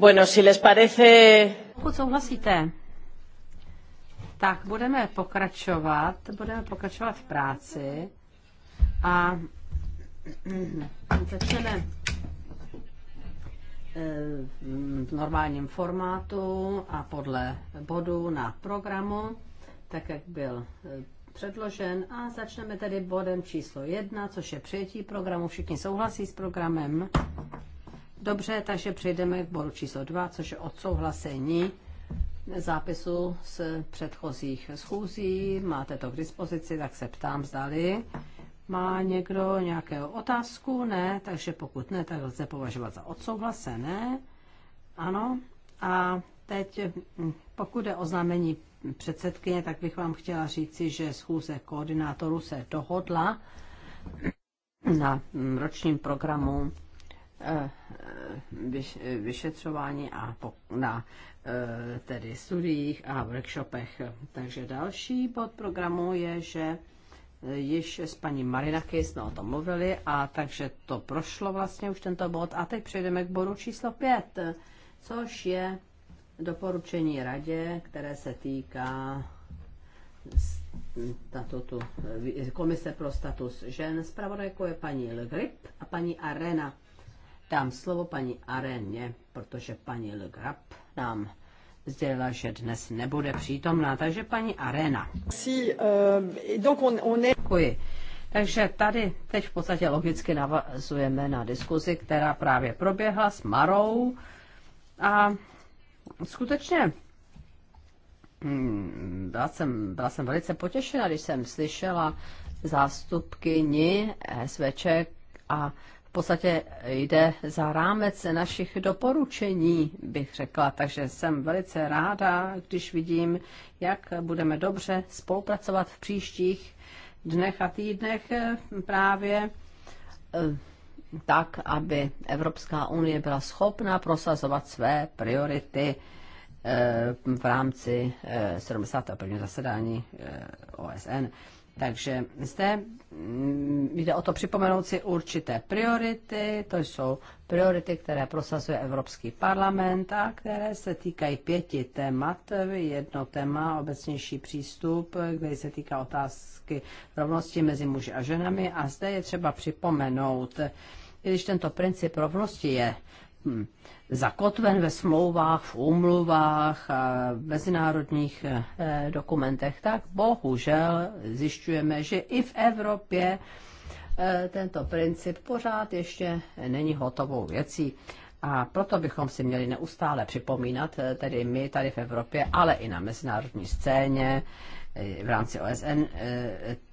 Bueno, si les parece... Pokud souhlasíte, tak budeme pokračovat, budeme pokračovat v práci a mm, začneme eh, v normálním formátu a podle bodu na programu, tak jak byl eh, předložen. A začneme tedy bodem číslo jedna, což je přijetí programu. Všichni souhlasí s programem. Dobře, takže přejdeme k bodu číslo 2, což je odsouhlasení zápisu z předchozích schůzí. Máte to k dispozici, tak se ptám, zdali má někdo nějakou otázku? Ne, takže pokud ne, tak lze považovat za odsouhlasené. Ano. A teď, hm, pokud je oznámení předsedkyně, tak bych vám chtěla říci, že schůze koordinátorů se dohodla na hm, ročním programu Eh, vyšetřování a na eh, tedy studiích a workshopech. Takže další bod programu je, že eh, již s paní Marinaky jsme o tom mluvili a takže to prošlo vlastně už tento bod a teď přejdeme k bodu číslo 5, což je doporučení radě, které se týká statutu, komise pro status žen. Zpravodajkou je paní Le Grip a paní Arena dám slovo paní Areně, protože paní Le nám sdělila, že dnes nebude přítomná. Takže paní Arena. Si, uh, donc on, on est... Děkuji. Takže tady teď v podstatě logicky navazujeme na diskuzi, která právě proběhla s Marou. A skutečně hmm, byla, jsem, byla jsem velice potěšena, když jsem slyšela zástupky Ní, SVČ a v podstatě jde za rámec našich doporučení, bych řekla. Takže jsem velice ráda, když vidím, jak budeme dobře spolupracovat v příštích dnech a týdnech právě eh, tak, aby Evropská unie byla schopna prosazovat své priority eh, v rámci 71. Eh, zasedání OSN. Takže zde mm, jde o to připomenout si určité priority, to jsou priority, které prosazuje Evropský parlament a které se týkají pěti témat. Jedno téma, obecnější přístup, který se týká otázky rovnosti mezi muži a ženami a zde je třeba připomenout, když tento princip rovnosti je Hm. zakotven ve smlouvách, v úmluvách a v mezinárodních eh, dokumentech, tak bohužel zjišťujeme, že i v Evropě eh, tento princip pořád ještě není hotovou věcí. A proto bychom si měli neustále připomínat, eh, tedy my tady v Evropě, ale i na mezinárodní scéně, v rámci OSN,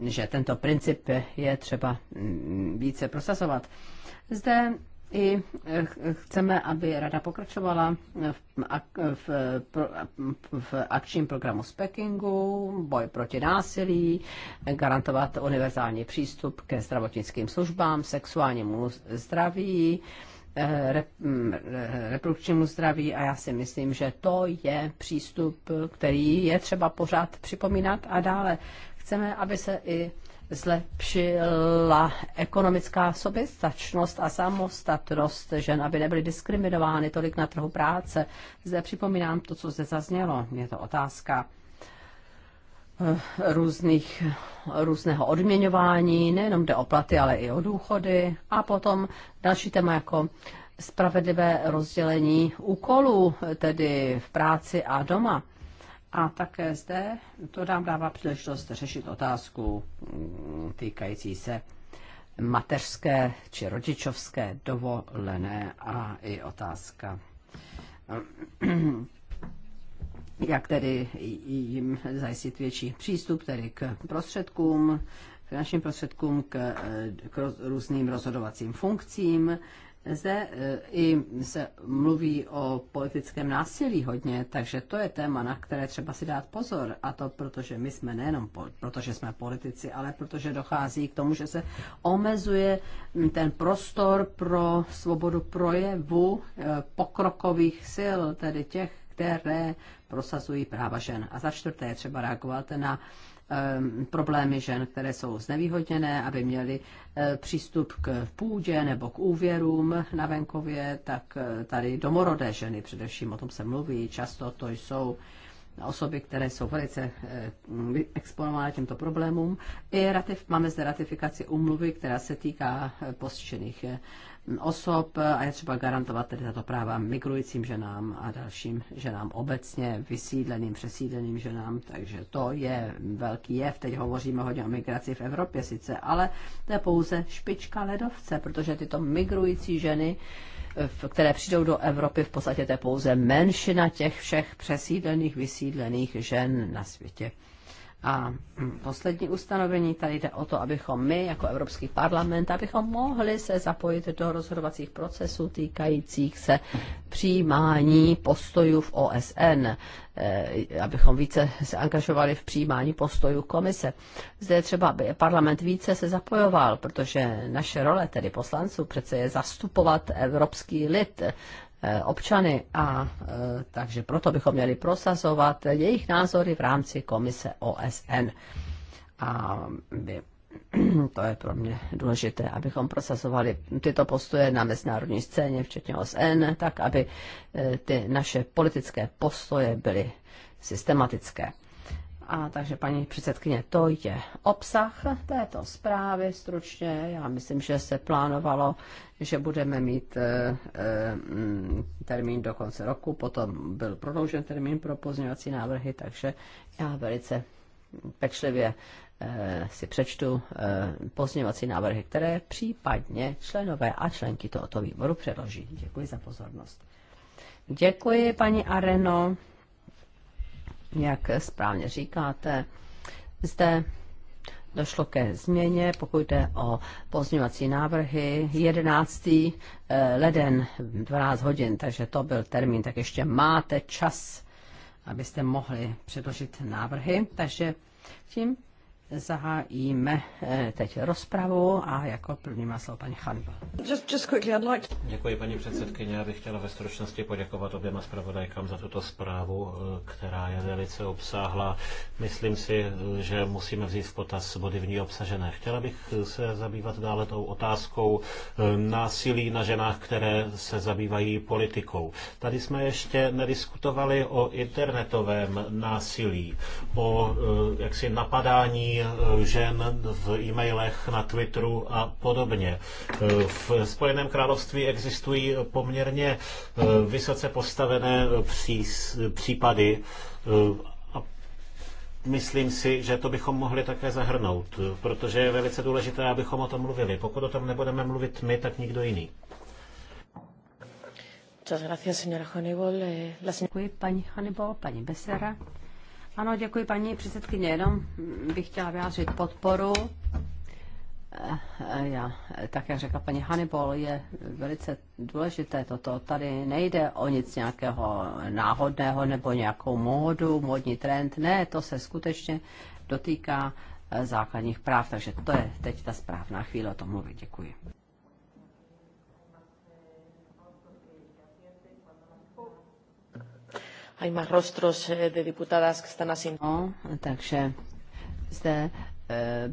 že tento princip je třeba hm, více prosazovat. Zde i eh, chceme, aby rada pokračovala v, v, v akčním programu z Pekingu, boj proti násilí, garantovat univerzální přístup ke zdravotnickým službám, sexuálnímu zdraví, eh, mm, reprodukčnímu zdraví a já si myslím, že to je přístup, který je třeba pořád připomínat a dále chceme, aby se i zlepšila ekonomická soběstačnost a samostatnost žen, aby nebyly diskriminovány tolik na trhu práce. Zde připomínám to, co zde zaznělo. Je to otázka eh, různých, různého odměňování, nejenom jde o platy, ale i o důchody. A potom další téma jako spravedlivé rozdělení úkolů, tedy v práci a doma. A také zde to nám dává příležitost řešit otázku mm, týkající se mateřské či rodičovské dovolené a i otázka, jak tedy jim zajistit větší přístup tedy k prostředkům, finančním prostředkům, k, k různým rozhodovacím funkcím, zde eh, i se mluví o politickém násilí hodně, takže to je téma, na které třeba si dát pozor. A to protože my jsme nejenom po, protože jsme politici, ale protože dochází k tomu, že se omezuje hm, ten prostor pro svobodu projevu eh, pokrokových sil, tedy těch, které prosazují práva žen. A za čtvrté je třeba reagovat na ehm, problémy žen, které jsou znevýhodněné, aby měly eh, přístup k půdě nebo k úvěrům na venkově, tak eh, tady domorodé ženy především, o tom se mluví, často to jsou osoby, které jsou velice eh, exponovány těmto problémům. I ratif, máme zde ratifikaci umluvy, která se týká eh, postižených eh, osob a je třeba garantovat tedy tato práva migrujícím ženám a dalším ženám obecně, vysídleným, přesídleným ženám, takže to je velký jev. Teď hovoříme hodně o migraci v Evropě sice, ale to je pouze špička ledovce, protože tyto migrující ženy které přijdou do Evropy, v podstatě to je pouze menšina těch všech přesídlených, vysídlených žen na světě. A poslední ustanovení, tady jde o to, abychom my, jako Evropský parlament, abychom mohli se zapojit do rozhodovacích procesů týkajících se přijímání postojů v OSN, eh, abychom více se angažovali v přijímání postojů komise. Zde je třeba, aby parlament více se zapojoval, protože naše role, tedy poslanců, přece je zastupovat evropský lid Eh, občany a eh, takže proto bychom měli prosazovat jejich názory v rámci komise OSN. A by, to je pro mě důležité, abychom prosazovali tyto postoje na mezinárodní scéně, včetně OSN, tak aby eh, ty naše politické postoje byly systematické. A takže paní předsedkyně, to je obsah této zprávy stručně. Já myslím, že se plánovalo, že budeme mít eh, eh, termín do konce roku, potom byl prodloužen termín pro pozměňovací návrhy, takže já velice pečlivě eh, si přečtu eh, pozměňovací návrhy, které případně členové a členky tohoto výboru předloží. Děkuji za pozornost. Děkuji, paní Areno jak správně říkáte, zde došlo ke změně, pokud jde o pozměňovací návrhy. 11. Eh, leden 12 hodin, takže to byl termín, tak ještě máte čas, abyste mohli předložit návrhy. Takže tím Zahájíme eh, teď rozpravu a jako první má slovo paní Chanba. Like to... Děkuji paní předsedkyně. Já bych chtěla ve stručnosti poděkovat oběma zpravodajkám za tuto zprávu, eh, která je velice obsáhla. Myslím si, že musíme vzít v potaz body v ní obsažené. Chtěla bych se zabývat dále tou otázkou eh, násilí na ženách, které se zabývají politikou. Tady jsme ještě nediskutovali o internetovém násilí, o jaksi napadání Eh, žen v e-mailech, na Twitteru a podobně. Eh, v Spojeném království existují poměrně eh, vysoce postavené případy myslím si, že to bychom mohli také zahrnout, protože je velice důležité, abychom o tom mluvili. Pokud o tom nebudeme mluvit my, tak nikdo jiný. Děkuji, paní Hannibal, paní Besera. Ano, děkuji paní předsedkyně. Jenom bych chtěla vyjádřit podporu. Eh, eh, já, tak jak řekla paní Hannibal, je velice důležité toto. Tady nejde o nic nějakého náhodného nebo nějakou módu, módní trend. Ne, to se skutečně dotýká eh, základních práv, takže to je teď ta správná chvíle o tom mluvit. Děkuji. hay más rostros eh, de diputadas que están así. No, takže zde eh,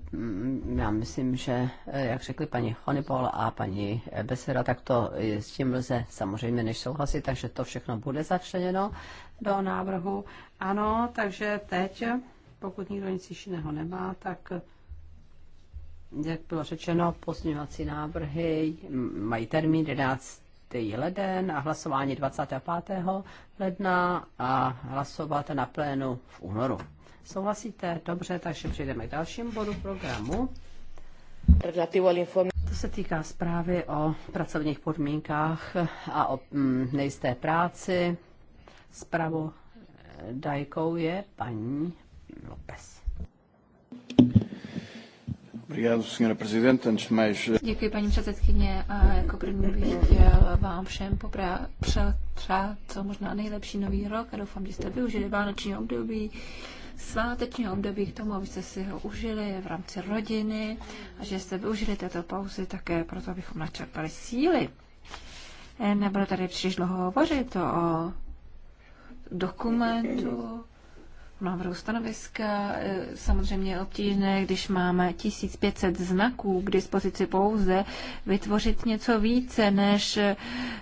já myslím, že eh, jak řekli paní Honipol a paní Besera, tak to s tím lze samozřejmě než souhlasit, takže to všechno bude začleněno do návrhu. Ano, takže teď, pokud nikdo nic jiného nemá, tak jak bylo řečeno, pozměňovací návrhy mají termín 11 leden a hlasování 25. ledna a hlasovat na plénu v únoru. Souhlasíte? Dobře, takže přejdeme k dalšímu bodu programu. To se týká zprávy o pracovních podmínkách a o mm, nejisté práci. dajkou je paní Lopez. Eh, Děkuji, paní předsedkyně, a jako první bych chtěl vám všem přát co možná nejlepší nový rok a doufám, že jste využili vánoční období, sváteční období k tomu, abyste si ho užili v rámci rodiny a že jste využili této pauzy také proto, abychom načerpali síly. Eh, nebudu tady příliš dlouho hovořit o dokumentu, návrhu stanoviska. E, samozřejmě je obtížné, když máme 1500 znaků k dispozici pouze, vytvořit něco více než e,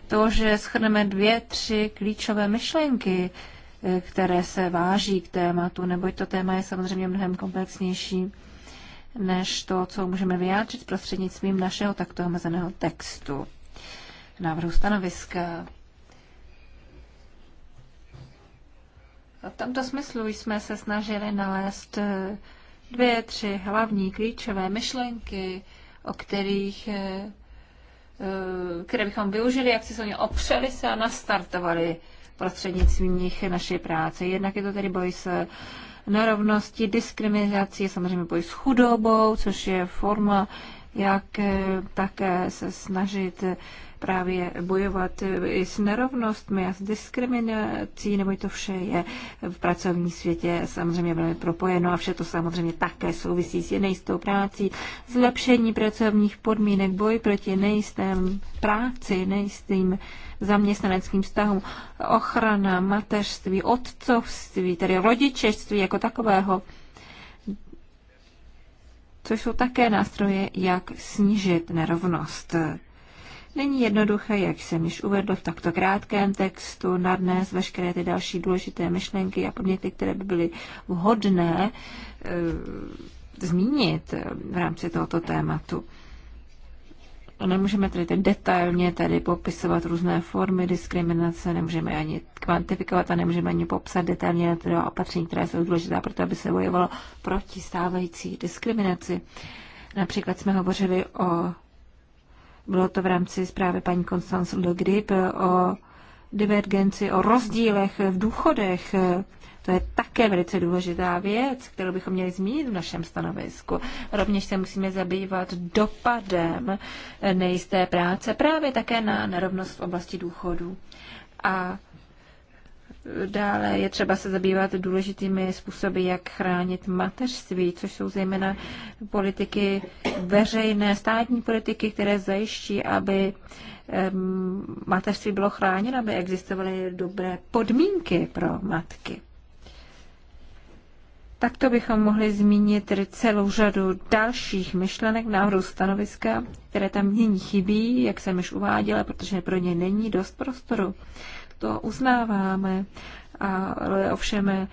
to, že schrneme dvě, tři klíčové myšlenky, e, které se váží k tématu, neboť to téma je samozřejmě mnohem komplexnější než to, co můžeme vyjádřit prostřednictvím našeho takto omezeného textu. Návrhu stanoviska. V tomto smyslu jsme se snažili nalézt eh, dvě, tři hlavní klíčové myšlenky, o kterých eh, eh, které bychom využili, jak si se o ně opřeli se a nastartovali prostřednictvím nich naší práce. Jednak je to tedy boj s nerovností, diskriminací, samozřejmě boj s chudobou, což je forma, jak také se snažit právě bojovat i s nerovnostmi a s diskriminací, nebo to vše je v pracovním světě samozřejmě velmi propojeno a vše to samozřejmě také souvisí s nejistou prácí, zlepšení pracovních podmínek, boj proti nejistém práci, nejistým zaměstnaneckým vztahům, ochrana mateřství, otcovství, tedy rodičeství jako takového, což jsou také nástroje, jak snížit nerovnost. Není jednoduché, jak jsem již uvedl v takto krátkém textu, nadnes veškeré ty další důležité myšlenky a podněty, které by byly vhodné e, zmínit eh, v rámci tohoto tématu. Nemůžeme tedy detailně tady popisovat různé formy diskriminace, nemůžeme ani kvantifikovat a nemůžeme ani popsat detailně tedy opatření, které jsou důležitá pro to, aby se bojovalo proti stávající diskriminaci. Například jsme hovořili o bylo to v rámci zprávy paní Konstanz Legrip o divergenci, o rozdílech v důchodech. To je také velice důležitá věc, kterou bychom měli zmínit v našem stanovisku. Rovněž se musíme zabývat dopadem nejisté práce právě také na nerovnost v oblasti důchodu A Dále je třeba se zabývat důležitými způsoby, jak chránit mateřství, což jsou zejména politiky veřejné, státní politiky, které zajiští, aby mateřství bylo chráněno, aby existovaly dobré podmínky pro matky. Takto bychom mohli zmínit celou řadu dalších myšlenek návrhu stanoviska, které tam nyní chybí, jak jsem již uváděla, protože pro ně není dost prostoru to uznáváme, ale ovšem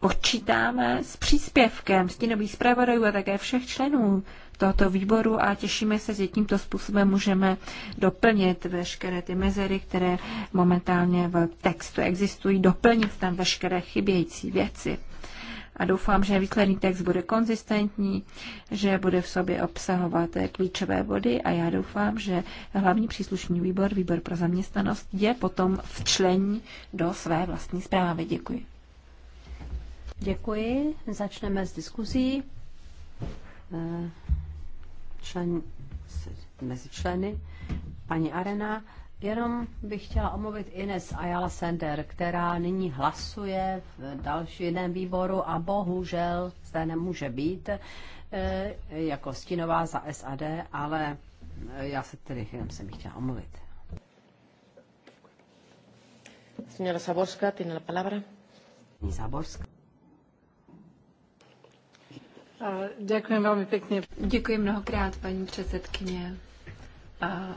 počítáme s příspěvkem stínových zpravodajů a také všech členů tohoto výboru a těšíme se, že tímto způsobem můžeme doplnit veškeré ty mezery, které momentálně v textu existují, doplnit tam veškeré chybějící věci a doufám, že výkladní text bude konzistentní, že bude v sobě obsahovat klíčové body a já doufám, že hlavní příslušný výbor, výbor pro zaměstnanost, je potom včlení do své vlastní zprávy. Děkuji. Děkuji. Začneme s diskuzí eh, člen, mezi členy. Paní Arena, Jenom bych chtěla omluvit Ines Ayala Sender, která nyní hlasuje v dalším jiném výboru a bohužel zde nemůže být eh, jako stinová za SAD, ale eh, já se tedy jenom jsem ji chtěla omluvit. Signora Saborska, tiene la palabra. Saborska. Děkuji velmi pěkně. Děkuji mnohokrát, paní předsedkyně. A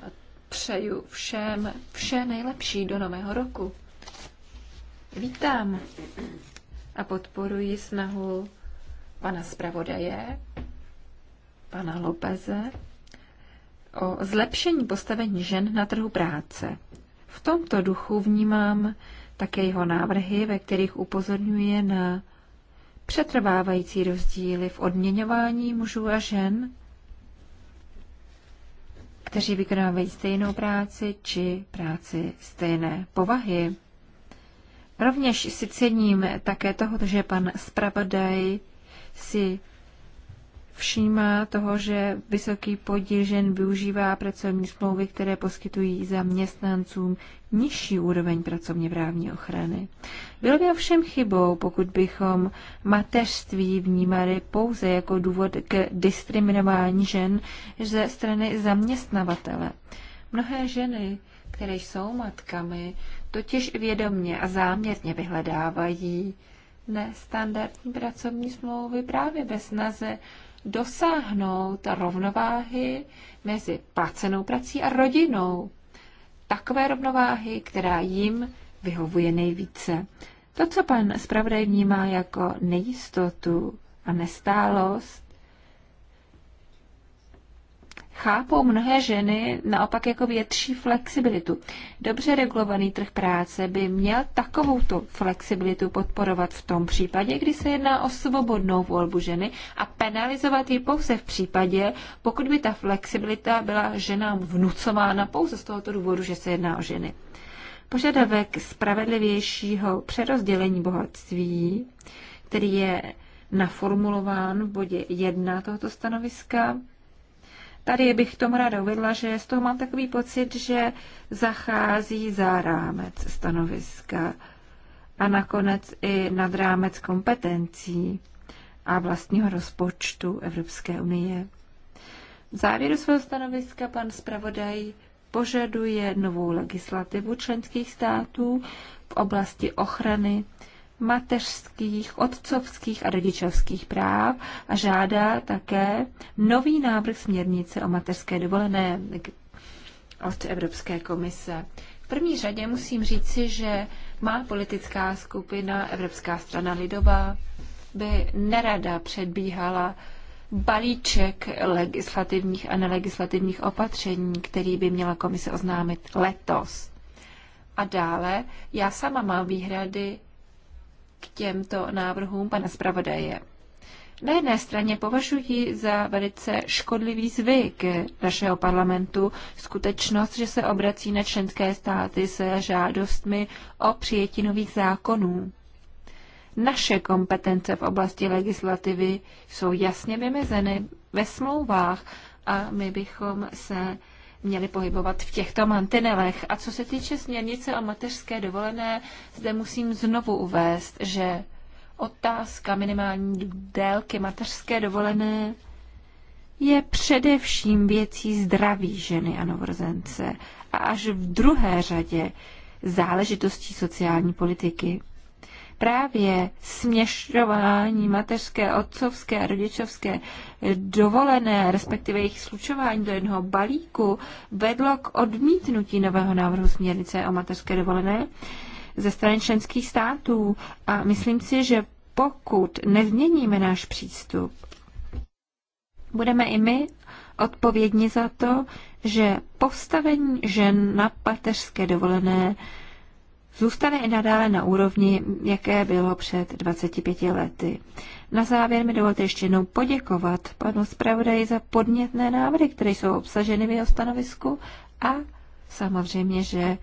přeju všem vše nejlepší do nového roku. Vítám a podporuji snahu pana zpravodaje, pana Lopeze, o zlepšení postavení žen na trhu práce. V tomto duchu vnímám také jeho návrhy, ve kterých upozorňuje na přetrvávající rozdíly v odměňování mužů a žen kteří vykonávají stejnou práci či práci stejné povahy. Rovněž si cením také toho, že pan zpravodaj si všímá toho, že vysoký podíl žen využívá pracovní smlouvy, které poskytují zaměstnancům nižší úroveň pracovně právní ochrany. Bylo by ovšem chybou, pokud bychom mateřství vnímali pouze jako důvod k diskriminování žen ze strany zaměstnavatele. Mnohé ženy, které jsou matkami, totiž vědomně a záměrně vyhledávají nestandardní pracovní smlouvy právě ve snaze dosáhnout rovnováhy mezi placenou prací a rodinou. Takové rovnováhy, která jim vyhovuje nejvíce. To, co pan zpravodaj vnímá jako nejistotu a nestálost, chápou mnohé ženy naopak jako větší flexibilitu. Dobře regulovaný trh práce by měl takovouto flexibilitu podporovat v tom případě, kdy se jedná o svobodnou volbu ženy a penalizovat ji pouze v případě, pokud by ta flexibilita byla ženám vnucována pouze z tohoto důvodu, že se jedná o ženy. Požadavek spravedlivějšího přerozdělení bohatství, který je naformulován v bodě 1 tohoto stanoviska, Tady bych tomu ráda uvedla, že z toho mám takový pocit, že zachází za rámec stanoviska a nakonec i nad rámec kompetencí a vlastního rozpočtu Evropské unie. V závěru svého stanoviska pan zpravodaj požaduje novou legislativu členských států v oblasti ochrany mateřských, otcovských a rodičovských práv a žádá také nový návrh směrnice o mateřské dovolené od Evropské komise. V první řadě musím říci, že má politická skupina Evropská strana lidová by nerada předbíhala balíček legislativních a nelegislativních opatření, který by měla komise oznámit letos. A dále, já sama mám výhrady k těmto návrhům pana zpravodaje. Na jedné straně považuji za velice škodlivý zvyk našeho parlamentu skutečnost, že se obrací na členské státy se žádostmi o přijetí nových zákonů. Naše kompetence v oblasti legislativy jsou jasně vymezeny ve smlouvách a my bychom se měli pohybovat v těchto mantinelech. A co se týče směrnice o mateřské dovolené, zde musím znovu uvést, že otázka minimální délky mateřské dovolené je především věcí zdraví ženy a novorozence a až v druhé řadě záležitostí sociální politiky právě směšování mateřské, otcovské a rodičovské dovolené, respektive jejich slučování do jednoho balíku, vedlo k odmítnutí nového návrhu směrnice o mateřské dovolené ze strany členských států. A myslím si, že pokud nezměníme náš přístup, budeme i my odpovědní za to, že postavení žen na pateřské dovolené zůstane i nadále na úrovni, jaké bylo před 25 lety. Na závěr mi dovolte ještě jednou poděkovat panu zpravodaji za podnětné návrhy, které jsou obsaženy v jeho stanovisku a samozřejmě, že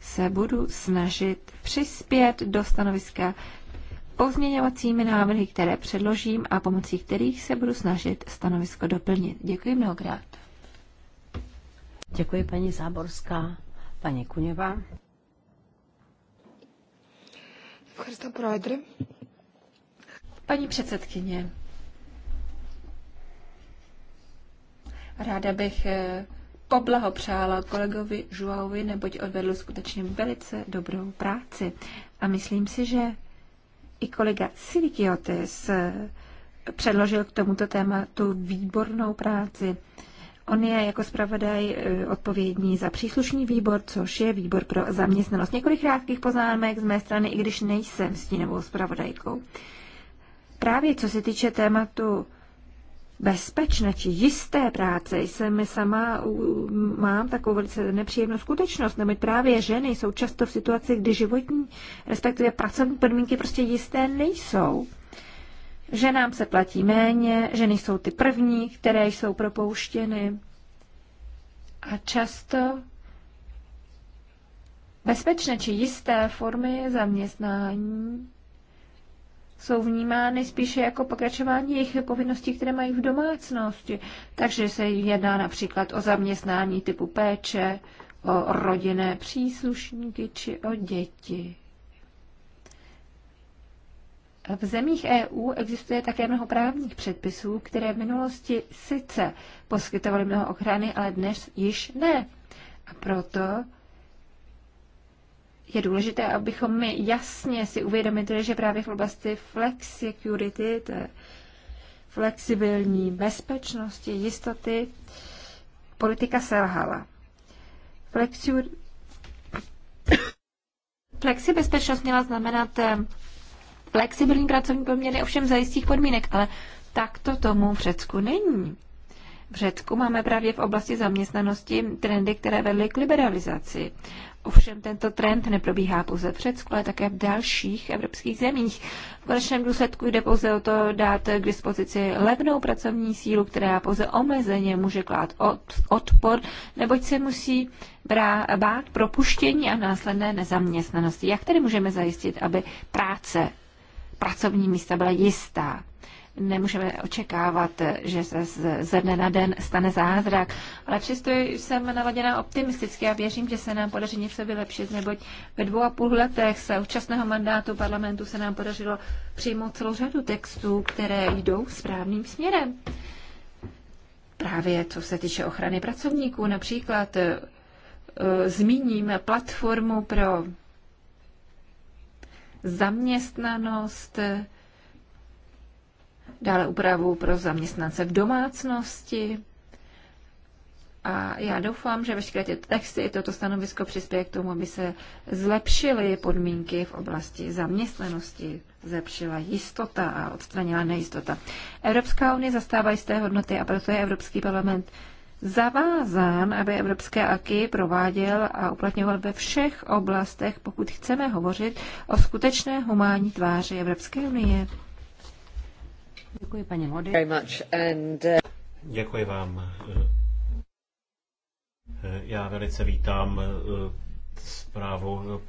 se budu snažit přispět do stanoviska pozměňovacími návrhy, které předložím a pomocí kterých se budu snažit stanovisko doplnit. Děkuji mnohokrát. Děkuji paní Záborská, paní Kuněva. Paní předsedkyně, ráda bych eh, poblahopřála kolegovi Žuaovi, neboť odvedl skutečně velice dobrou práci. A myslím si, že i kolega Silikiotis eh, předložil k tomuto tématu výbornou práci. On je jako zpravodaj e, odpovědný za příslušný výbor, což je výbor pro zaměstnanost. Několik krátkých poznámek z mé strany, i když nejsem stínovou zpravodajkou. Právě co se týče tématu bezpečné či jisté práce jsem my sama mám takovou velice nepříjemnou skutečnost, neboť právě ženy jsou často v situaci, kdy životní, respektive pracovní podmínky prostě jisté nejsou že nám se platí méně, že nejsou ty první, které jsou propouštěny. A často bezpečné či jisté formy zaměstnání jsou vnímány spíše jako pokračování jejich povinností, které mají v domácnosti. Takže se jedná například o zaměstnání typu péče, o rodinné příslušníky či o děti. V zemích EU existuje také mnoho právních předpisů, které v minulosti sice poskytovaly mnoho ochrany, ale dnes již ne. A proto je důležité, abychom my jasně si uvědomili, že právě v oblasti flex security, je flexibilní bezpečnosti, jistoty, politika selhala. Flexi bezpečnost měla znamenat eh, flexibilní pracovní poměry, ovšem za jistých podmínek, ale tak to tomu v Řecku není. V Řecku máme právě v oblasti zaměstnanosti trendy, které vedly k liberalizaci. Ovšem tento trend neprobíhá pouze v Řecku, ale také v dalších evropských zemích. V konečném důsledku jde pouze o to dát k dispozici levnou pracovní sílu, která pouze omezeně může klát odpor, neboť se musí bát propuštění a následné nezaměstnanosti. Jak tedy můžeme zajistit, aby práce pracovní místa byla jistá. Nemůžeme očekávat, že se ze dne na den stane zázrak, ale přesto jsem naladěná optimisticky a věřím, že se nám podaří něco vylepšit, neboť ve dvou a půl letech účastného mandátu parlamentu se nám podařilo přijmout celou řadu textů, které jdou správným směrem. Právě co se týče ochrany pracovníků, například eh, zmíním platformu pro zaměstnanost, dále úpravu pro zaměstnance v domácnosti. A já doufám, že veškeré ty texty i toto stanovisko přispěje k tomu, aby se zlepšily podmínky v oblasti zaměstnanosti, zlepšila jistota a odstranila nejistota. Evropská unie zastává jisté hodnoty a proto je Evropský parlament zavázán, aby evropské aky prováděl a uplatňoval ve všech oblastech, pokud chceme hovořit o skutečné humánní tváři Evropské unie. Děkuji, paní Mody. Uh, Děkuji vám. Já velice vítám uh, zprávu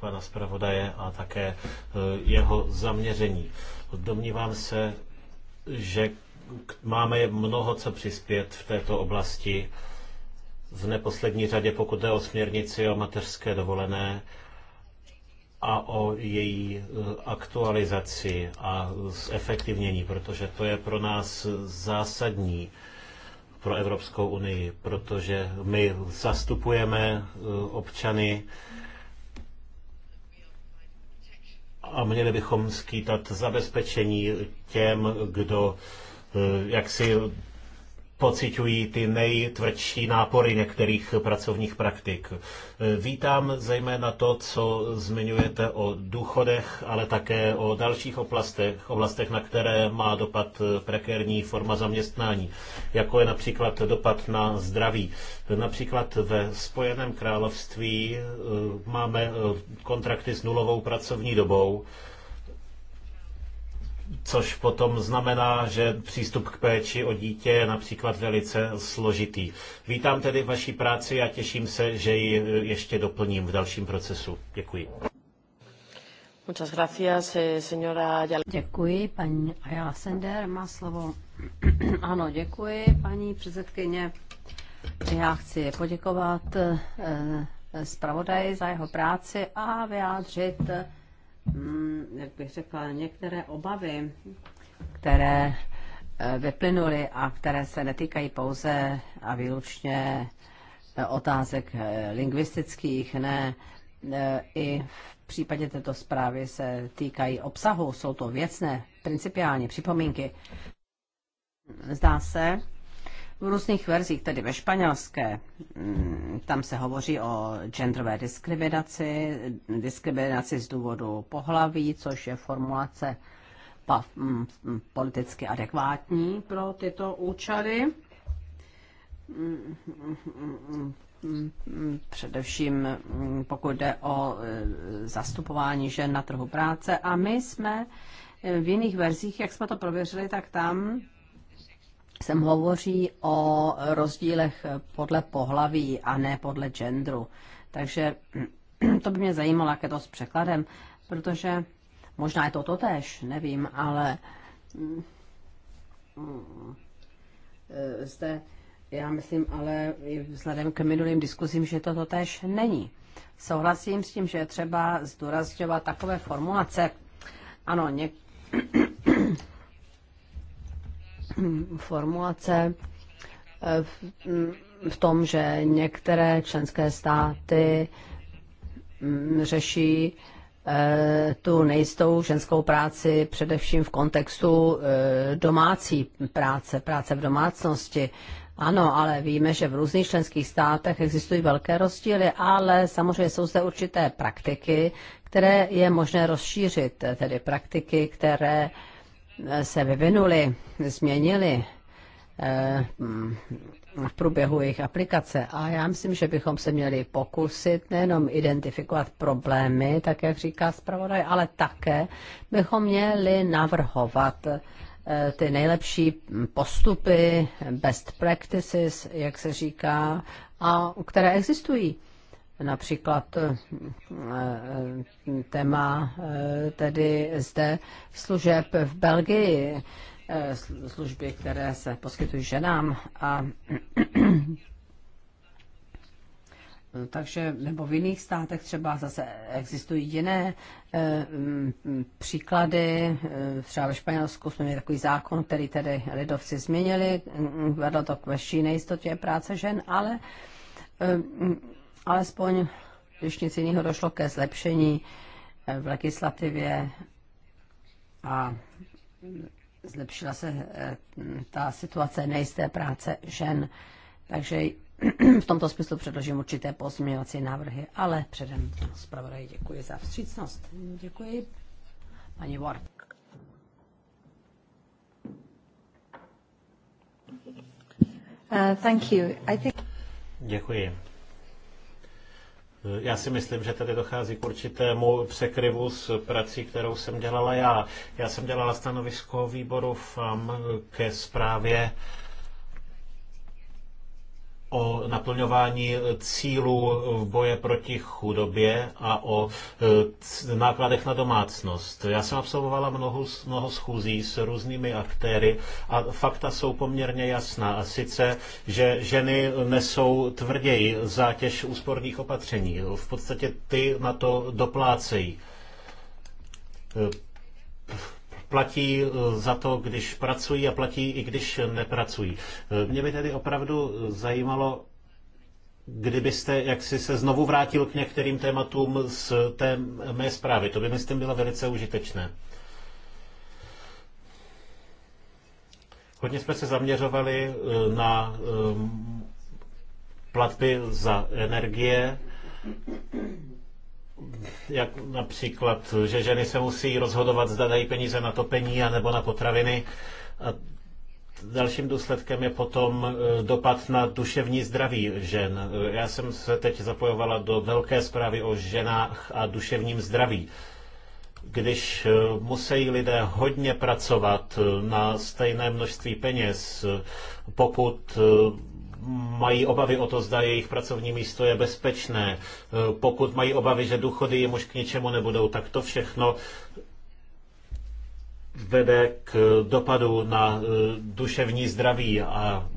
pana zpravodaje a také uh, jeho zaměření. Domnívám se, že máme mnoho co přispět v této oblasti. V neposlední řadě, pokud jde o směrnici o mateřské dovolené a o její e, aktualizaci a zefektivnění, protože to je pro nás zásadní pro Evropskou unii, protože my zastupujeme e, občany a měli bychom skýtat zabezpečení těm, kdo Eh, jak si pociťují ty nejtvrdší nápory některých pracovních praktik. Eh, vítám zejména to, co zmiňujete o důchodech, ale také o dalších oblastech, oblastech, na které má dopad eh, prekérní forma zaměstnání, jako je například dopad na zdraví. Například ve Spojeném království máme kontrakty s nulovou pracovní dobou, což potom znamená, že přístup k péči o dítě je například velice složitý. Vítám tedy vaši práci a těším se, že ji ještě doplním v dalším procesu. Děkuji. Muchas gracias, eh, señora Děkuji, paní Ayala Sender má slovo. ano, děkuji, paní předsedkyně. Já chci poděkovat eh, eh, zpravodaji za jeho práci a vyjádřit Hmm, jak bych řekla, některé obavy, které eh, vyplynuly a které se netýkají pouze a výlučně eh, otázek eh, lingvistických, ne, i v případě této zprávy se týkají obsahu, jsou to věcné, principiální připomínky. Zdá se, v různých verzích, tedy ve španělské, mm, tam se hovoří o genderové diskriminaci, diskriminaci z důvodu pohlaví, což je formulace mm, mm, politicky adekvátní pro tyto účely. Především pokud jde o e, zastupování žen na trhu práce. A my jsme v jiných verzích, jak jsme to prověřili, tak tam sem hovoří o rozdílech podle pohlaví a ne podle genderu. Takže to by mě zajímalo, jak je to s překladem, protože možná je to totéž, nevím, ale mm, zde já myslím, ale vzhledem k minulým diskuzím, že to totéž není. Souhlasím s tím, že je třeba zdůrazňovat takové formulace. Ano, něk- Mm, formulace eh, mm, v tom, že některé členské státy mm, řeší eh, tu nejistou ženskou práci především v kontextu eh, domácí práce, práce v domácnosti. Ano, ale víme, že v různých členských státech existují velké rozdíly, ale samozřejmě jsou zde určité praktiky, které je možné rozšířit, tedy praktiky, které se vyvinuli, změnili eh, v průběhu jejich aplikace. A já myslím, že bychom se měli pokusit nejenom identifikovat problémy, tak jak říká zpravodaj, ale také bychom měli navrhovat eh, ty nejlepší postupy, best practices, jak se říká, a které existují například eh, téma eh, tedy zde služeb v Belgii, eh, služby, které se poskytují ženám a takže, nebo v jiných státech třeba zase existují jiné e, m, mm, příklady. Třeba ve Španělsku jsme měli takový zákon, který tedy lidovci změnili. Mm, mm, vedlo to k vešší nejistotě práce žen, ale e, alespoň, když nic jiného došlo ke zlepšení eh, v legislativě a zlepšila se eh, ta situace nejisté práce žen. Takže v tomto smyslu předložím určité pozměňovací návrhy, ale předem zpravodaji děkuji za vstřícnost. Děkuji. Pani Ward. Uh, thank you. I think... Děkuji. Já si myslím, že tady dochází k určitému překryvu s prací, kterou jsem dělala já. Já jsem dělala stanovisko výboru FAM ke zprávě o naplňování cílů v boje proti chudobě a o e, nákladech na domácnost. Já jsem absolvovala mnoho, mnoho schůzí s různými aktéry a fakta jsou poměrně jasná. A sice, že ženy nesou tvrději zátěž úsporných opatření. V podstatě ty na to doplácejí e, platí eh, za to, když pracují a platí i když nepracují. Eh, mě by tedy opravdu eh, zajímalo, kdybyste jaksi se znovu vrátil k některým tématům z té mé zprávy. To by, myslím, bylo velice užitečné. Hodně jsme se zaměřovali na platby za energie jak například, že ženy se musí rozhodovat, zda dají peníze na topení nebo na potraviny. A dalším důsledkem je potom eh, dopad na duševní zdraví žen. Eh, já jsem se teď zapojovala do velké zprávy o ženách a duševním zdraví. Když eh, musí lidé hodně pracovat na stejné množství peněz, pokud mají obavy o to, zda jejich pracovní místo je bezpečné, e, pokud mají obavy, že důchody jim už k něčemu nebudou, tak to všechno vede k dopadu na e, duševní zdraví a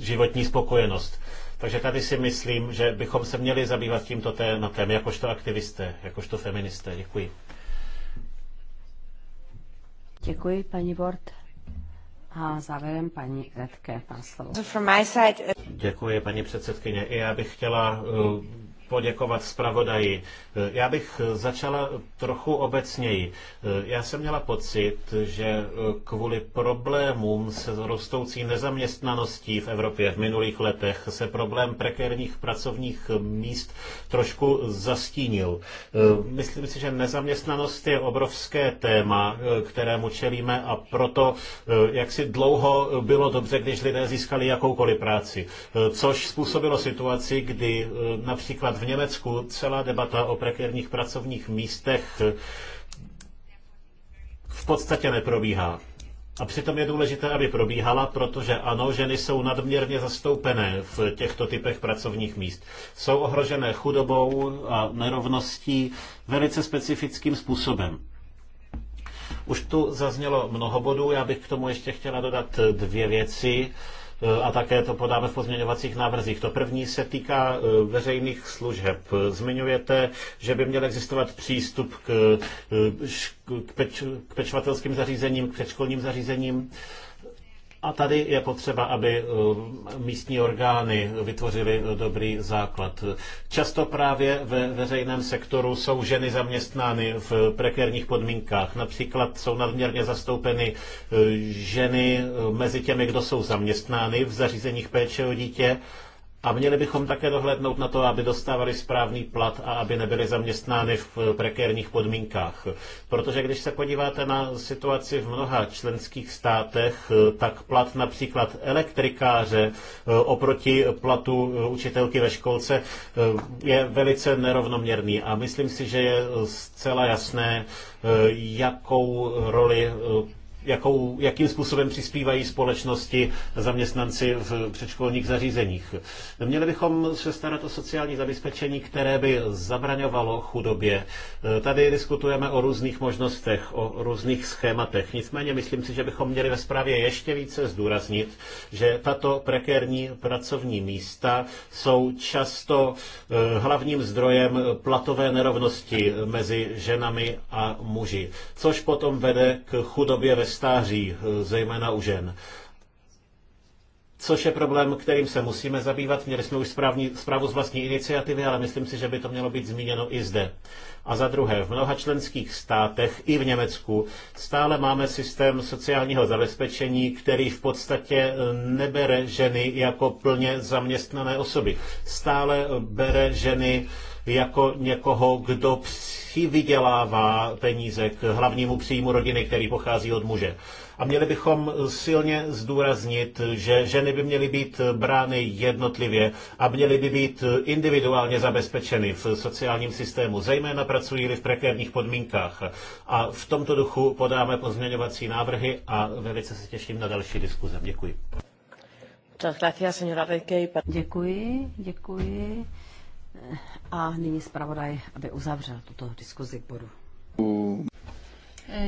e, životní spokojenost. Takže tady si myslím, že bychom se měli zabývat tímto tématem, jakožto aktivisté, jakožto feministé. Děkuji. Děkuji, paní Bort. A závěrem paní Redke, slovo. Uh, Děkuji, paní předsedkyně. I já bych chtěla uh, poděkovat zpravodaji. Já bych začala trochu obecněji. Já jsem měla pocit, že kvůli problémům se rostoucí nezaměstnaností v Evropě v minulých letech se problém prekérních pracovních míst trošku zastínil. Myslím si, že nezaměstnanost je obrovské téma, kterému čelíme a proto jak si dlouho bylo dobře, když lidé získali jakoukoliv práci, což způsobilo situaci, kdy například Například v Německu celá debata o prekérních pracovních místech v podstatě neprobíhá. A přitom je důležité, aby probíhala, protože ano, ženy jsou nadměrně zastoupené v těchto typech pracovních míst. Jsou ohrožené chudobou a nerovností velice specifickým způsobem. Už tu zaznělo mnoho bodů, já bych k tomu ještě chtěla dodat dvě věci. Eh, a také to podáme v pozměňovacích návrzích. To první se týká eh, veřejných služeb. Zmiňujete, že by měl existovat přístup k, eh, k, peč, k pečovatelským zařízením, k předškolním zařízením a tady je potřeba, aby eh, místní orgány vytvořily eh, dobrý základ. Často právě ve veřejném sektoru jsou ženy zaměstnány v prekérních podmínkách. Například jsou nadměrně zastoupeny eh, ženy mezi těmi, kdo jsou zaměstnány v zařízeních péče o dítě a měli bychom také dohlednout na to, aby dostávali správný plat a aby nebyli zaměstnány v prekérních podmínkách. Protože když se podíváte na situaci v mnoha členských státech, tak plat například elektrikáře e, oproti platu e, učitelky ve školce e, je velice nerovnoměrný. A myslím si, že je zcela jasné, jakou roli jakou, jakým způsobem přispívají společnosti zaměstnanci v předškolních zařízeních. Měli bychom se starat o sociální zabezpečení, které by zabraňovalo chudobě. Tady diskutujeme o různých možnostech, o různých schématech. Nicméně myslím si, že bychom měli ve zprávě ještě více zdůraznit, že tato prekérní pracovní místa jsou často eh, hlavním zdrojem platové nerovnosti mezi ženami a muži, což potom vede k chudobě ve stáří, eh, zejména u žen což je problém, kterým se musíme zabývat. Měli jsme už správní, zprávu z vlastní iniciativy, ale myslím si, že by to mělo být zmíněno i zde. A za druhé, v mnoha členských státech i v Německu stále máme systém sociálního zabezpečení, který v podstatě eh, nebere ženy jako plně zaměstnané osoby. Stále eh, bere ženy jako někoho, kdo přivydělává peníze k hlavnímu příjmu rodiny, který pochází od muže. A měli bychom silně zdůraznit, že ženy by měly být brány jednotlivě a měly by být individuálně zabezpečeny v sociálním systému, zejména pracují v prekérních podmínkách. A v tomto duchu podáme pozměňovací návrhy a velice se těším na další diskuze. Děkuji. Děkuji, děkuji a nyní zpravodaj, aby uzavřel tuto diskuzi k bodu.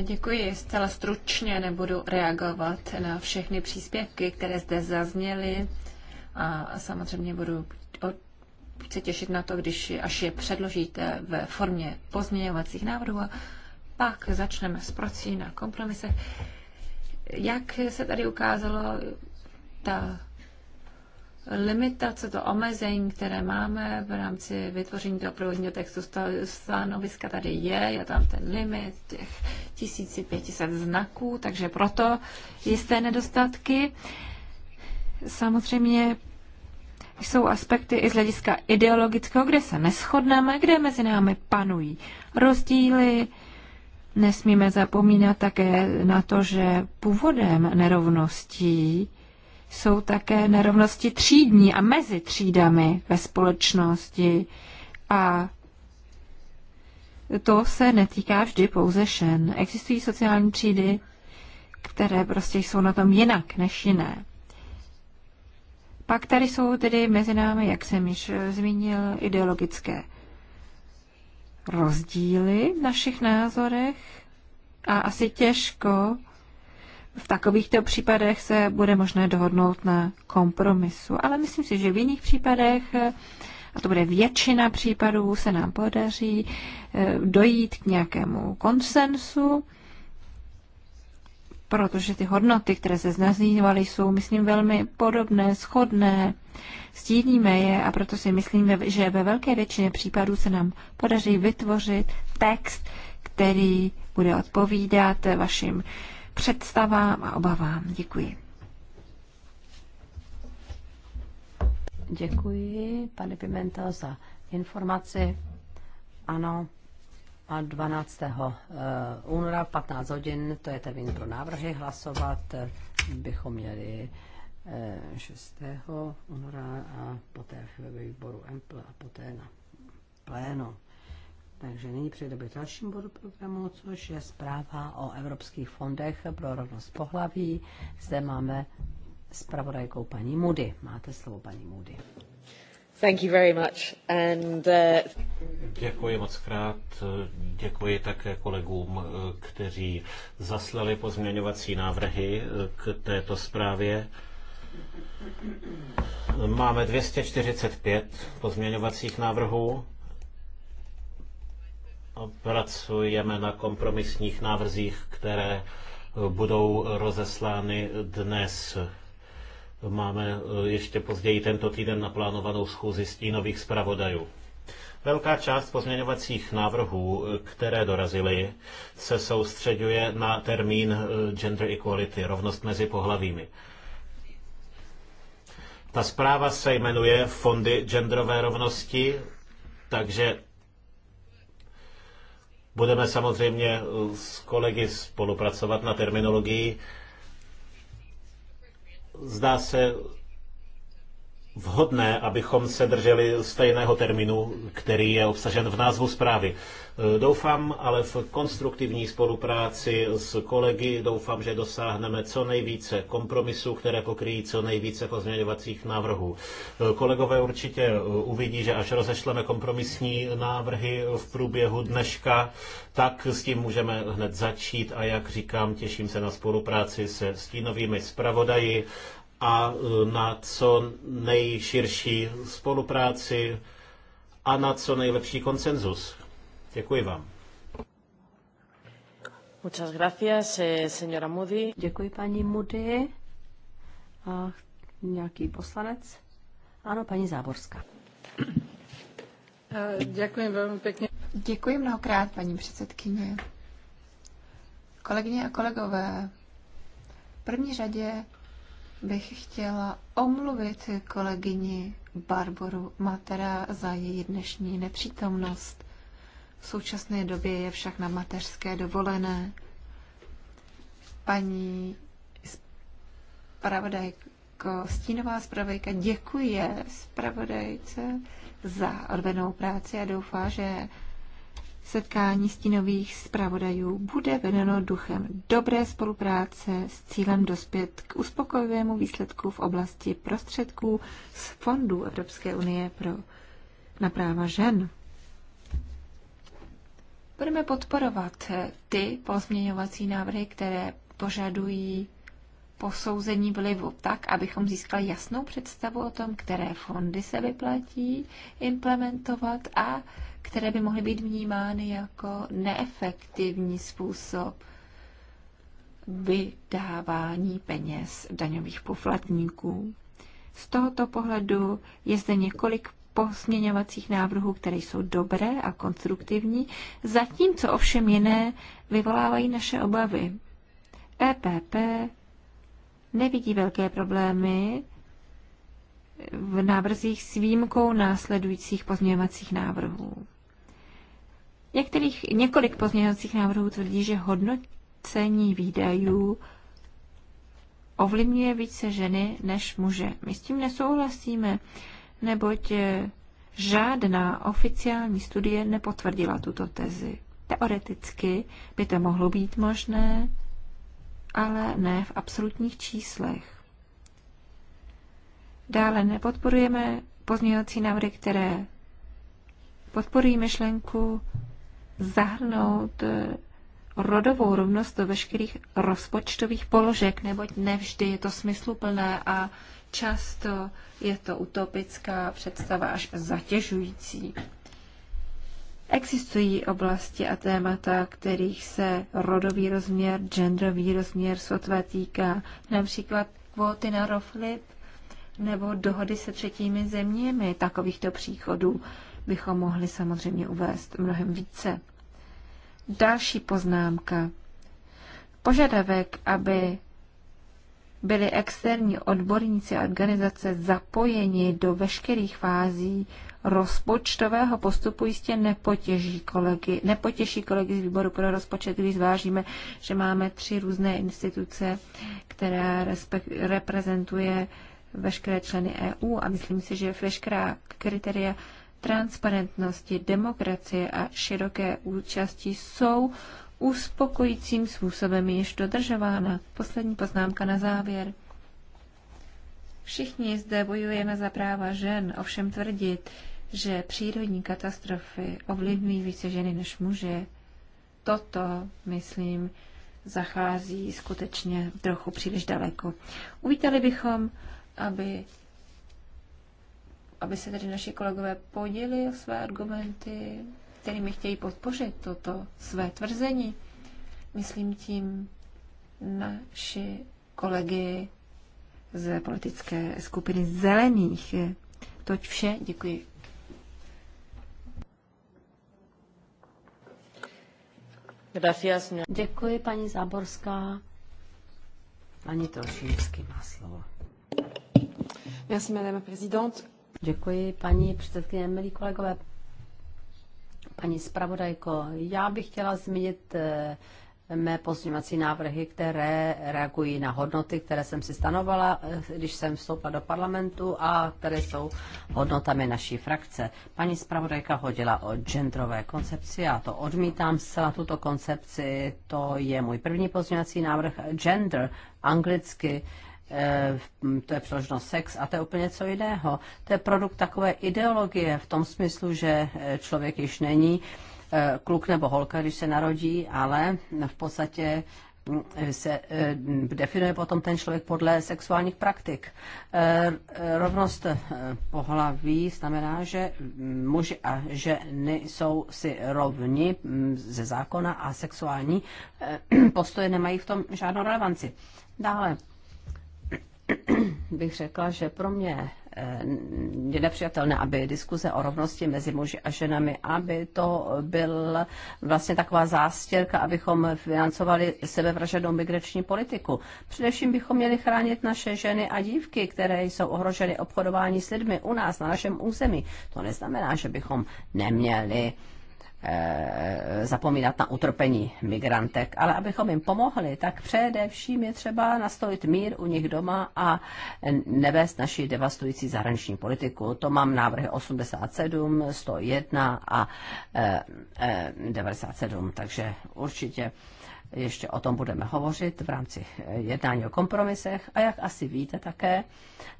Děkuji. Zcela stručně nebudu reagovat na všechny příspěvky, které zde zazněly a samozřejmě budu se těšit na to, když až je předložíte ve formě pozměňovacích návrhů a pak začneme s prací na kompromisech. Jak se tady ukázalo, ta limitace, to omezení, které máme v rámci vytvoření toho průvodního textu stanoviska tady je, je tam ten limit těch 1500 znaků, takže proto jisté nedostatky. Samozřejmě jsou aspekty i z hlediska ideologického, kde se neschodneme, kde mezi námi panují rozdíly. Nesmíme zapomínat také na to, že původem nerovností jsou také nerovnosti třídní a mezi třídami ve společnosti. A to se netýká vždy pouze šen. Existují sociální třídy, které prostě jsou na tom jinak než jiné. Pak tady jsou tedy mezi námi, jak jsem již eh, zmínil, ideologické rozdíly v našich názorech a asi těžko v takovýchto případech se bude možné dohodnout na kompromisu. Ale myslím si, že v jiných případech, a to bude většina případů, se nám podaří eh, dojít k nějakému konsensu, protože ty hodnoty, které se znazývaly, jsou, myslím, velmi podobné, shodné, stídíme je a proto si myslím, že ve velké většině případů se nám podaří vytvořit text, který bude odpovídat vašim představám a obavám. Děkuji. Děkuji, pane Pimenta, za informaci. Ano, a 12. Eh, února 15 hodin, to je termín pro návrhy, hlasovat eh, bychom měli 6. Eh, února a poté ve výboru MPL a poté na plénu. Takže nyní přejdeme k dalšímu bodu programu, což je zpráva o evropských fondech pro rovnost pohlaví. Zde máme zpravodajkou paní Moody. Máte slovo, paní Moody. Thank you very much. And, uh... Děkuji moc krát. Děkuji také kolegům, eh, kteří zaslali pozměňovací návrhy eh, k této zprávě. Máme 245 pozměňovacích návrhů. Pracujeme na kompromisních návrzích, které budou rozeslány dnes. Máme eh, ještě později tento týden naplánovanou schůzi stínových zpravodajů. Velká část pozměňovacích návrhů, eh, které dorazily, se soustředuje na termín eh, gender equality, rovnost mezi pohlavími. Ta zpráva se jmenuje Fondy genderové rovnosti, takže Budeme samozřejmě eh, s kolegy spolupracovat na terminologii. Zdá se vhodné, abychom se drželi stejného termínu, který je obsažen v názvu zprávy. E, doufám ale v konstruktivní spolupráci s kolegy, doufám, že dosáhneme co nejvíce kompromisů, které pokryjí co nejvíce pozměňovacích návrhů. E, kolegové určitě e, uvidí, že až rozešleme kompromisní návrhy v průběhu dneška, tak s tím můžeme hned začít a jak říkám, těším se na spolupráci se stínovými zpravodaji a e, na co nejširší spolupráci a na co nejlepší konsenzus. Děkuji vám. Muchas gracias, eh, señora Moody. Děkuji, paní Moody. A nějaký poslanec? Ano, paní Záborská. Eh, děkuji velmi pěkně. Děkuji mnohokrát, paní předsedkyně. Kolegyně a kolegové, v první řadě bych chtěla omluvit kolegyni Barboru Matera za její dnešní nepřítomnost. V současné době je však na mateřské dovolené. Paní spravodajko, stínová spravodajka děkuje spravodajce za odvedenou práci a doufá, že setkání stínových zpravodajů bude vedeno duchem dobré spolupráce s cílem dospět k uspokojivému výsledku v oblasti prostředků z fondu Evropské unie pro na práva žen. Budeme podporovat eh, ty pozměňovací návrhy, které požadují posouzení vlivu tak, abychom získali jasnou představu o tom, které fondy se vyplatí implementovat a které by mohly být vnímány jako neefektivní způsob vydávání peněz daňových poplatníků. Z tohoto pohledu je zde několik pozměňovacích návrhů, které jsou dobré a konstruktivní, zatímco ovšem jiné vyvolávají naše obavy. EPP nevidí velké problémy v návrzích s výjimkou následujících pozměňovacích návrhů. Některých, několik pozměňovacích návrhů tvrdí, že hodnocení výdajů ovlivňuje více ženy než muže. My s tím nesouhlasíme, neboť eh, žádná oficiální studie nepotvrdila tuto tezi. Teoreticky by to mohlo být možné, ale ne v absolutních číslech. Dále nepodporujeme pozměňovací návrhy, které podporují myšlenku zahrnout eh, rodovou rovnost do veškerých rozpočtových položek, neboť nevždy je to smysluplné a často je to utopická představa až zatěžující. Existují oblasti a témata, kterých se rodový rozměr, genderový rozměr sotva týká, například kvóty na roflip, nebo dohody se třetími zeměmi. Takovýchto příchodů bychom mohli samozřejmě uvést mnohem více. Další poznámka. Požadavek, aby byli externí odborníci a organizace zapojeni do veškerých fází rozpočtového postupu jistě nepotěží kolegy, nepotěší kolegy z výboru pro rozpočet, když zvážíme, že máme tři různé instituce, které respekt, reprezentuje veškeré členy EU a myslím si, že veškerá kritéria transparentnosti, demokracie a široké účasti jsou uspokojícím způsobem již dodržována. Poslední poznámka na závěr. Všichni zde bojujeme za práva žen, ovšem tvrdit, že přírodní katastrofy ovlivňují více ženy než muže, toto, myslím, zachází skutečně trochu příliš daleko. Uvítali bychom aby, aby se tedy naši kolegové podělili o své argumenty, kterými chtějí podpořit toto své tvrzení. Myslím tím naši kolegy z politické skupiny zelených. Toť vše, děkuji. Děkuji, paní Záborská. Pani Tošinský má slovo. Merci, madame présidente. Děkuji, paní předsedkyně, milí kolegové. Paní zpravodajko, já bych chtěla zmínit eh, mé pozměňovací návrhy, které reagují na hodnoty, které jsem si stanovala, eh, když jsem vstoupila do parlamentu a které jsou hodnotami naší frakce. Paní zpravodajka hodila o genderové koncepci, já to odmítám zcela tuto koncepci, to je můj první pozměňovací návrh, gender anglicky Eh, to je přeloženo sex a to je úplně co jiného. To je produkt takové ideologie v tom smyslu, že eh, člověk již není eh, kluk nebo holka, když se narodí, ale v podstatě mm, se definuje potom ten člověk podle sexuálních praktik. Rovnost pohlaví znamená, že muži a ženy jsou si rovni mm, ze zákona a sexuální postoje nemají v tom žádnou relevanci. Dále bych řekla, že pro mě eh, je nepřijatelné, aby diskuze o rovnosti mezi muži a ženami, aby to byl vlastně taková zástěrka, abychom financovali sebevražednou migrační politiku. Především bychom měli chránit naše ženy a dívky, které jsou ohroženy obchodování s lidmi u nás, na našem území. To neznamená, že bychom neměli Eh, zapomínat na utrpení migrantek, ale abychom jim pomohli, tak především je třeba nastolit mír u nich doma a nevést naši devastující zahraniční politiku. To mám návrhy 87, 101 a 97, eh, takže určitě ještě o tom budeme hovořit v rámci jednání o kompromisech. A jak asi víte také,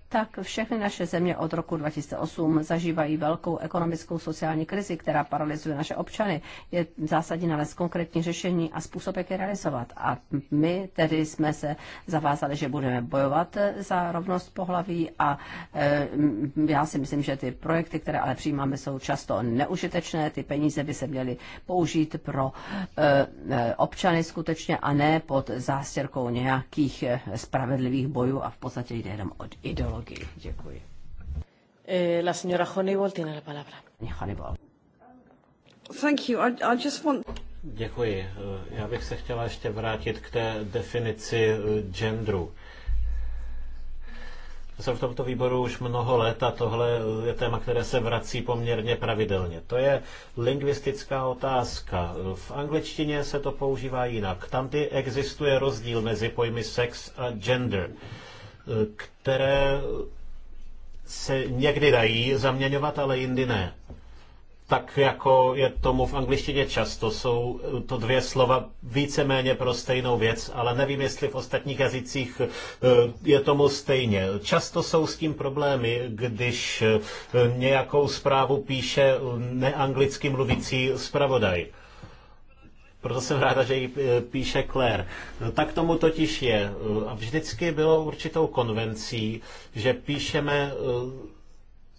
tak všechny naše země od roku 2008 zažívají velkou ekonomickou sociální krizi, která paralyzuje naše občany. Je zásadní nalézt konkrétní řešení a způsob, jak je realizovat. A my tedy jsme se zavázali, že budeme bojovat za rovnost pohlaví a e, já si myslím, že ty projekty, které ale přijímáme, jsou často neužitečné. Ty peníze by se měly použít pro e, občany skutečně a ne pod zástěrkou nějakých spravedlivých bojů a v podstatě jde jenom od ideologie Děkuji. Eh, la señora Honeywell tiene la palabra. Honeywell. Thank you. I, I just want... Děkuji. Eh, já bych se chtěla ještě vrátit k té definici eh, genderu. jsem v tomto výboru už mnoho let a tohle je téma, které se vrací poměrně pravidelně. To je lingvistická otázka. V angličtině se to používá jinak. Tam ty existuje rozdíl mezi pojmy sex a gender které se někdy dají zaměňovat, ale jindy ne. Tak jako je tomu v angličtině často, jsou to dvě slova víceméně pro stejnou věc, ale nevím, jestli v ostatních jazycích eh, je tomu stejně. Často jsou s tím problémy, když eh, nějakou zprávu píše neanglicky mluvící zpravodaj. Proto jsem ráda, že ji eh, píše Claire. No, tak tomu totiž je. Eh, a vždycky bylo určitou konvencí, že píšeme eh,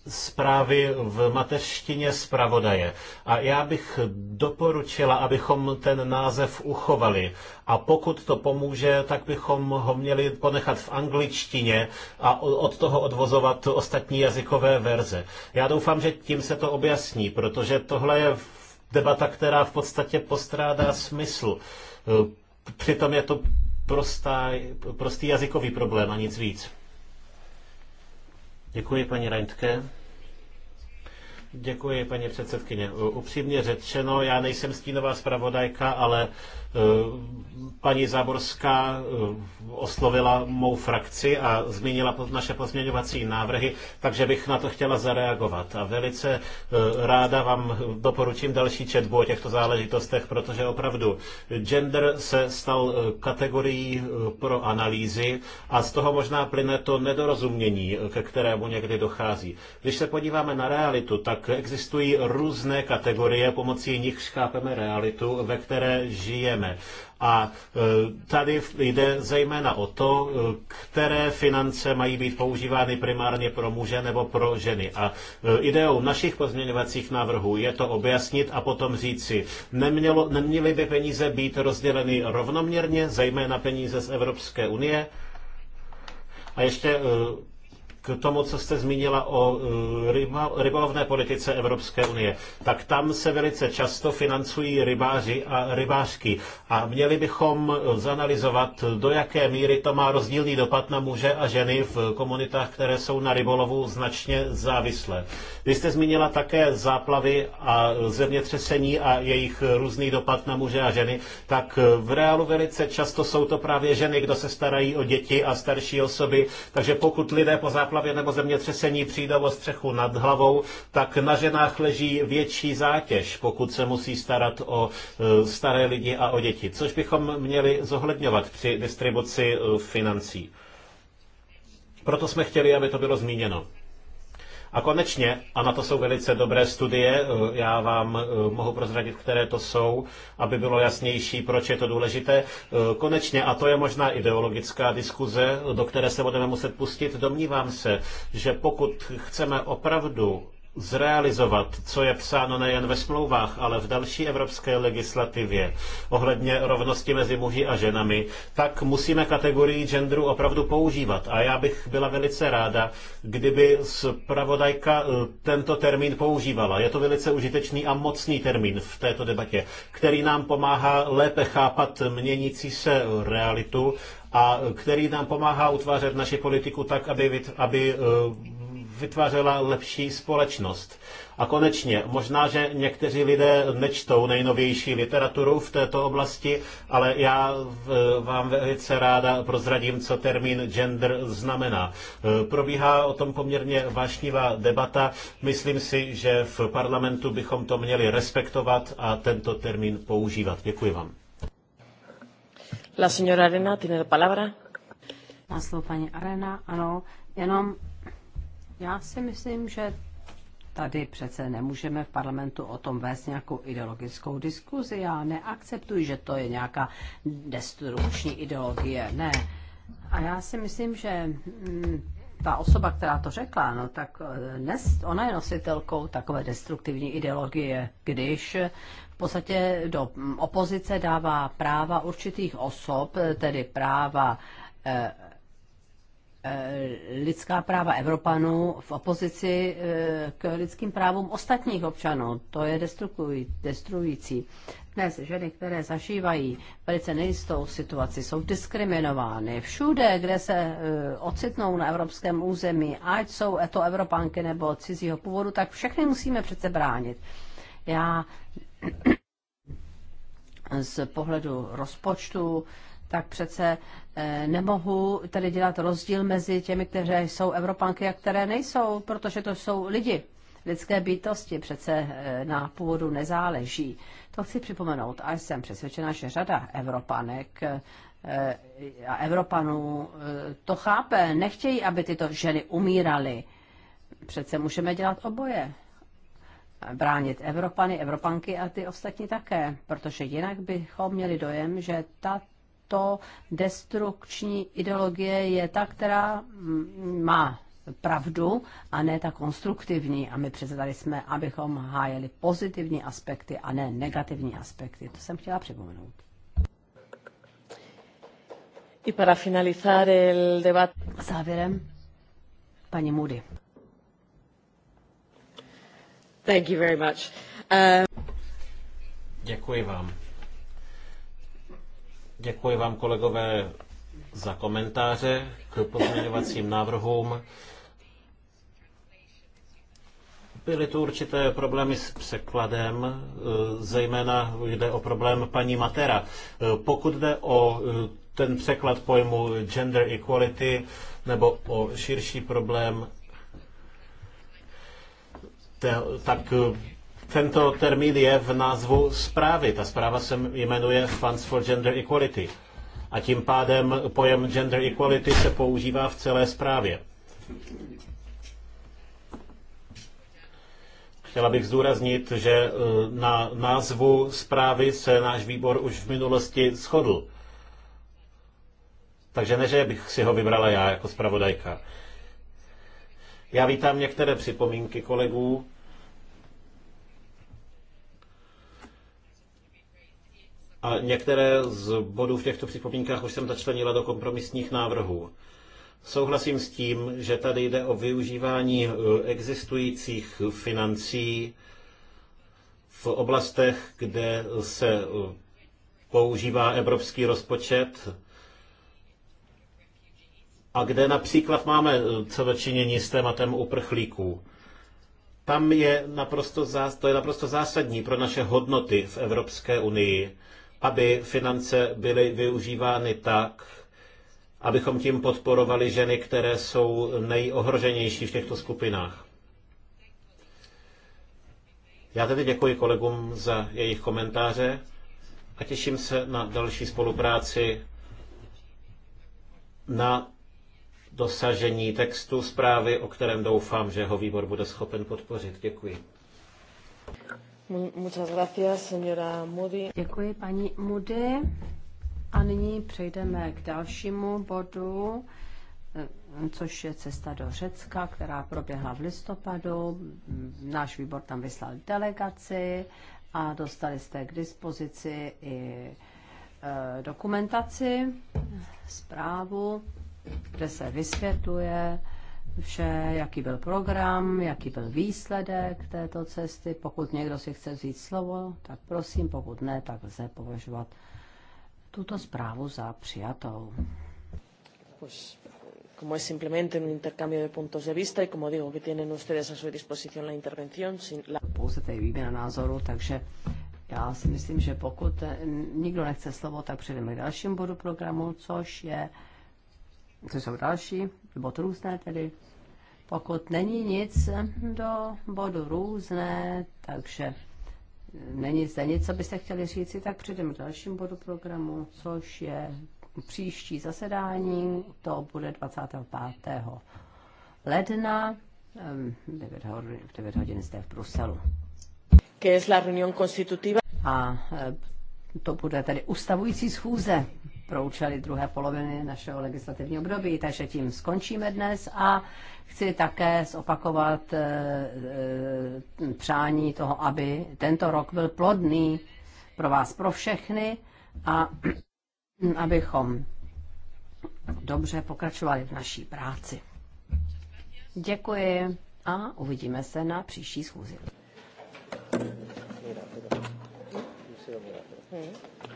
zprávy v mateřštině zpravodaje. A já bych doporučila, abychom ten název uchovali. A pokud to pomůže, tak bychom ho měli ponechat v angličtině a od toho odvozovat ostatní jazykové verze. Já doufám, že tím se to objasní, protože tohle je debata, která v podstatě postrádá smysl. E, přitom je to prostá, prostý jazykový problém a nic víc. Děkuji, paní Reintke. Děkuji, paní předsedkyně. E, upřímně řečeno, já nejsem stínová zpravodajka, ale Eh, paní Záborská eh, oslovila mou frakci a zmínila naše pozměňovací návrhy, takže bych na to chtěla zareagovat. A velice eh, ráda vám doporučím další četbu o těchto záležitostech, protože opravdu gender se stal kategorií pro analýzy a z toho možná plyne to nedorozumění, ke kterému někdy dochází. Když se podíváme na realitu, tak existují různé kategorie, pomocí nich chápeme realitu, ve které žijeme navrhujeme. A e, tady jde zejména o to, e, které finance mají být používány primárně pro muže nebo pro ženy. A e, ideou našich pozměňovacích návrhů je to objasnit a potom říci, nemělo, neměly by peníze být rozděleny rovnoměrně, zejména peníze z Evropské unie, a ještě k tomu, co jste zmínila o e, rybolovné politice Evropské unie, tak tam se velice často financují rybáři a rybářky. A měli bychom zanalizovat, do jaké míry to má rozdílný dopad na muže a ženy v komunitách, které jsou na rybolovu značně závislé. Vy jste zmínila také záplavy a zemětřesení a jejich různý dopad na muže a ženy, tak e, v reálu velice často jsou to právě ženy, kdo se starají o děti a starší osoby, takže pokud lidé po záplavě záplavě nebo zemětřesení přijde o střechu nad hlavou, tak na ženách leží větší zátěž, pokud se musí starat o e, staré lidi a o děti, což bychom měli zohledňovat při distribuci e, financí. Proto jsme chtěli, aby to bylo zmíněno. A konečně, a na to jsou velice dobré studie, eh, já vám eh, mohu prozradit, které to jsou, aby bylo jasnější, proč je to důležité. Eh, konečně, a to je možná ideologická diskuze, do které se budeme muset pustit, domnívám se, že pokud chceme opravdu zrealizovat, co je psáno nejen ve smlouvách, ale v další evropské legislativě ohledně rovnosti mezi muži a ženami, tak musíme kategorii genderu opravdu používat. A já bych byla velice ráda, kdyby zpravodajka eh, tento termín používala. Je to velice užitečný a mocný termín v této debatě, který nám pomáhá lépe chápat měnící se realitu a který nám pomáhá utvářet naši politiku tak, aby, aby eh, vytvářela lepší společnost. A konečně, možná, že někteří lidé nečtou nejnovější literaturu v této oblasti, ale já vám velice ráda prozradím, co termín gender znamená. Probíhá o tom poměrně vášnivá debata. Myslím si, že v parlamentu bychom to měli respektovat a tento termín používat. Děkuji vám. La señora Arena tiene la palabra. Má slovo paní Arena, ano, jenom já si myslím, že tady přece nemůžeme v parlamentu o tom vést nějakou ideologickou diskuzi. Já neakceptuji, že to je nějaká destrukční ideologie. Ne. A já si myslím, že mm, ta osoba, která to řekla, no tak eh, dnes ona je nositelkou takové destruktivní ideologie, když v podstatě do mm, opozice dává práva určitých osob, eh, tedy práva eh, Eh, lidská práva Evropanů v opozici eh, k lidským právům ostatních občanů. To je destruující. Dnes ženy, které zažívají velice nejistou situaci, jsou diskriminovány. Všude, kde se eh, ocitnou na evropském území, ať jsou to Evropanky nebo cizího původu, tak všechny musíme přece bránit. Já z pohledu rozpočtu tak přece eh, nemohu tady dělat rozdíl mezi těmi, kteří jsou Evropanky a které nejsou, protože to jsou lidi. Lidské bytosti přece eh, na původu nezáleží. To chci připomenout a jsem přesvědčena, že řada Evropanek eh, a Evropanů to chápe. Nechtějí, aby tyto ženy umíraly. Přece můžeme dělat oboje. Bránit Evropany, Evropanky a ty ostatní také, protože jinak bychom měli dojem, že ta to destrukční ideologie je ta, která mm, má pravdu a ne ta konstruktivní. A my přece tady jsme, abychom hájeli pozitivní aspekty a ne negativní aspekty. To jsem chtěla připomenout. Y para finalizar el debate. Závěrem, paní Moody. Thank you very much. Um... Děkuji vám. Děkuji vám, kolegové, za komentáře k pozměňovacím návrhům. Byly tu určité problémy s překladem, e, zejména jde o problém paní Matera. E, pokud jde o e, ten překlad pojmu gender equality nebo o širší problém, tak tento termín je v názvu zprávy. Ta zpráva se jmenuje Funds for Gender Equality. A tím pádem pojem gender equality se používá v celé zprávě. Chtěla bych zdůraznit, že eh, na názvu zprávy se náš výbor už v minulosti shodl. Takže ne, že bych si ho vybrala já jako zpravodajka. Já vítám některé připomínky kolegů A některé z bodů v těchto připomínkách už jsem začlenila do kompromisních návrhů. Souhlasím s tím, že tady jde o využívání eh, existujících financí v oblastech, kde se eh, používá evropský rozpočet a kde například máme eh, co dočinění s tématem uprchlíků. Tam je naprosto, to je naprosto zásadní pro naše hodnoty v Evropské unii, aby finance byly využívány tak, abychom tím podporovali ženy, které jsou nejohroženější v těchto skupinách. Já tedy děkuji kolegům za jejich komentáře a těším se na další spolupráci na dosažení textu zprávy, o kterém doufám, že ho výbor bude schopen podpořit. Děkuji. Muchas gracias, señora Moody. Děkuji, paní Moody. A nyní přejdeme k dalšímu bodu, eh, což je cesta do Řecka, která proběhla v listopadu. Náš výbor tam vyslal delegaci a dostali jste k dispozici i eh, dokumentaci, zprávu, kde se vysvětluje vše, jaký byl program, jaký byl výsledek této cesty. Pokud někdo si chce vzít slovo, tak prosím, pokud ne, tak lze považovat tuto zprávu za přijatou. como es simplemente un intercambio de puntos de vista y como digo que tienen ustedes a su disposición la intervención sin la... Pouze tady výměna názoru, takže já si myslím, že pokud nikdo nechce slovo, tak přejdeme k dalšímu bodu programu, což je co jsou další, bod různé tedy. Pokud není nic do bodu různé, takže není zde nic, co byste chtěli říci, tak přejdeme k dalším bodu programu, což je příští zasedání, to bude 25. ledna v 9 hodin zde v Bruselu. Que es la reunión constitutiva. A eh, to bude tedy ustavující schůze pro účely druhé poloviny našeho legislativního období, takže tím skončíme dnes a chci také zopakovat eh, eh, přání toho, aby tento rok byl plodný pro vás, pro všechny a abychom dobře pokračovali v naší práci. Děkuji a uvidíme se na příští schůzi. Hmm.